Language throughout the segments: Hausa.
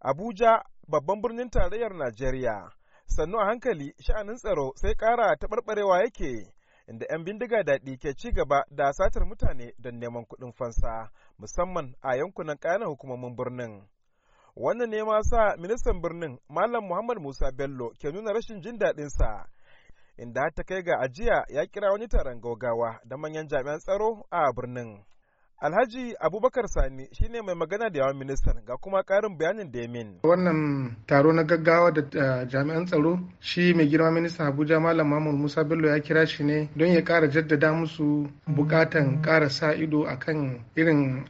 Abuja babban birnin tarayyar Najeriya. Sannu a hankali sha'anin tsaro sai ƙara taɓarɓarewa yake inda 'yan bindiga daɗi ke ci gaba da satar mutane don neman kuɗin fansa musamman a yankunan ƙananan hukumomin birnin. Wannan ne ma sa ministan birnin Malam Muhammad Musa Bello ke nuna rashin jin daɗinsa inda ta kai ga ajiya ya kira wani taron gaugawa da manyan jami'an tsaro a birnin. Alhaji Abubakar Sani shine mai magana da yawan ministan ga kuma karin bayanin da ya min. Wannan taro na gaggawa da eh, jami'an tsaro shi mai girma ministan Abuja Malam Mamur Musa Bello ya kira shi ne don ya kara jaddada musu bukatan kara sa ido akan irin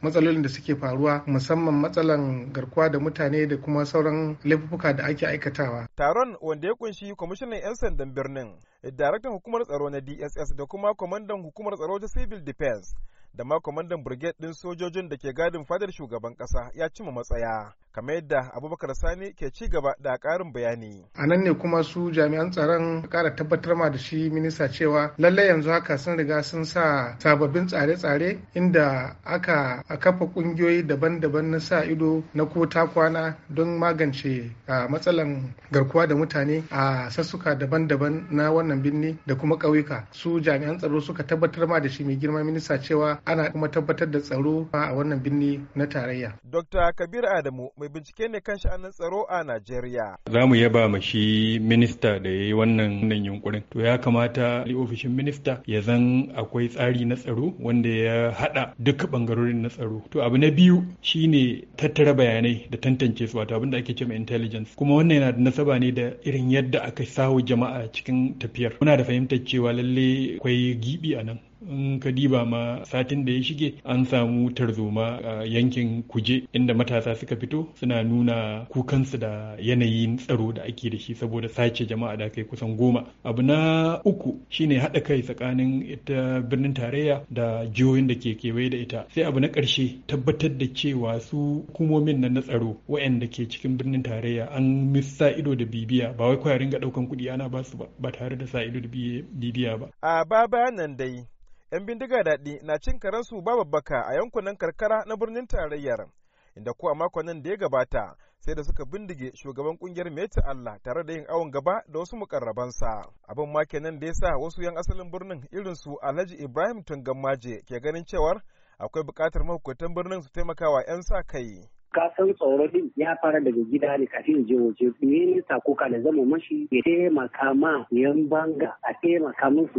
matsalolin da suke faruwa musamman matsalan garkuwa da mutane da kuma sauran laifuka da ake aikatawa. Taron wanda ya kunshi kwamishinan 'yan sandan birnin, daraktan hukumar tsaro na DSS da kuma kwamandan hukumar tsaro ta Civil Defense da ma kwamandan brigade ɗin sojojin da ke gadin fadar shugaban ƙasa ya cima matsaya kamar yadda abubakar sani ke ci gaba da karin bayani a nan ne kuma su jami'an tsaron kara tabbatar ma da shi minista cewa lallai yanzu haka sun riga sun sa sababbin tsare-tsare inda aka kafa ƙungiyoyi daban-daban na sa ido na ko ta kwana don magance matsalan garkuwa da mutane a sassuka daban-daban na wannan birni da kuma ƙauyuka su jami'an tsaro suka tabbatar ma da shi mai girma minista cewa ana kuma tabbatar da tsaro a wannan birni na tarayya dr kabiru adamu mai bincike ne kan sha'anin tsaro a Najeriya. Za mu yaba ma shi minista da ya yi wannan nan yunkurin. To ya kamata ofishin minista ya zan akwai tsari na tsaro wanda ya haɗa duka bangarorin na tsaro. To abu na biyu shine tattara bayanai da tantance su wato abin da ake cewa intelligence. Kuma wannan yana da nasaba ne da irin yadda aka sawo jama'a cikin tafiyar. Muna da fahimtar cewa lalle akwai gibi a nan. in ka diba ma satin da ya shige an samu tarzoma a yankin kuje inda matasa suka fito suna nuna kukansu da yanayin tsaro da ake da shi saboda sace jama'a da kai kusan goma abu na uku shine haɗa kai tsakanin ita birnin tarayya da jihohin da ke kewaye da ita sai abu na ƙarshe tabbatar da cewa su hukumomin nan na tsaro waɗanda ke cikin birnin tarayya an misa ido da bibiya ba wai kwayarin ga ɗaukan kuɗi ana ba su ba tare da sa ido da bibiya ba a baba nan dai 'yan bindiga daɗi na cin karansu ba babbaka a yankunan karkara na birnin tarayyar inda ko a makon nan da ya gabata sai da suka bindige shugaban kungiyar meta Allah tare da yin awon gaba da wasu mukarrabansa abin ma nan da ya sa wasu 'yan asalin birnin irin su Alhaji Ibrahim Tungammaje ke ganin cewar akwai buƙatar mahukuntan birnin su taimakawa 'yan sa kai ka san tsoro din ya fara daga gida ne kafin je waje ne sako ka da zama mashi ya taimaka ma yan banga a taimaka musu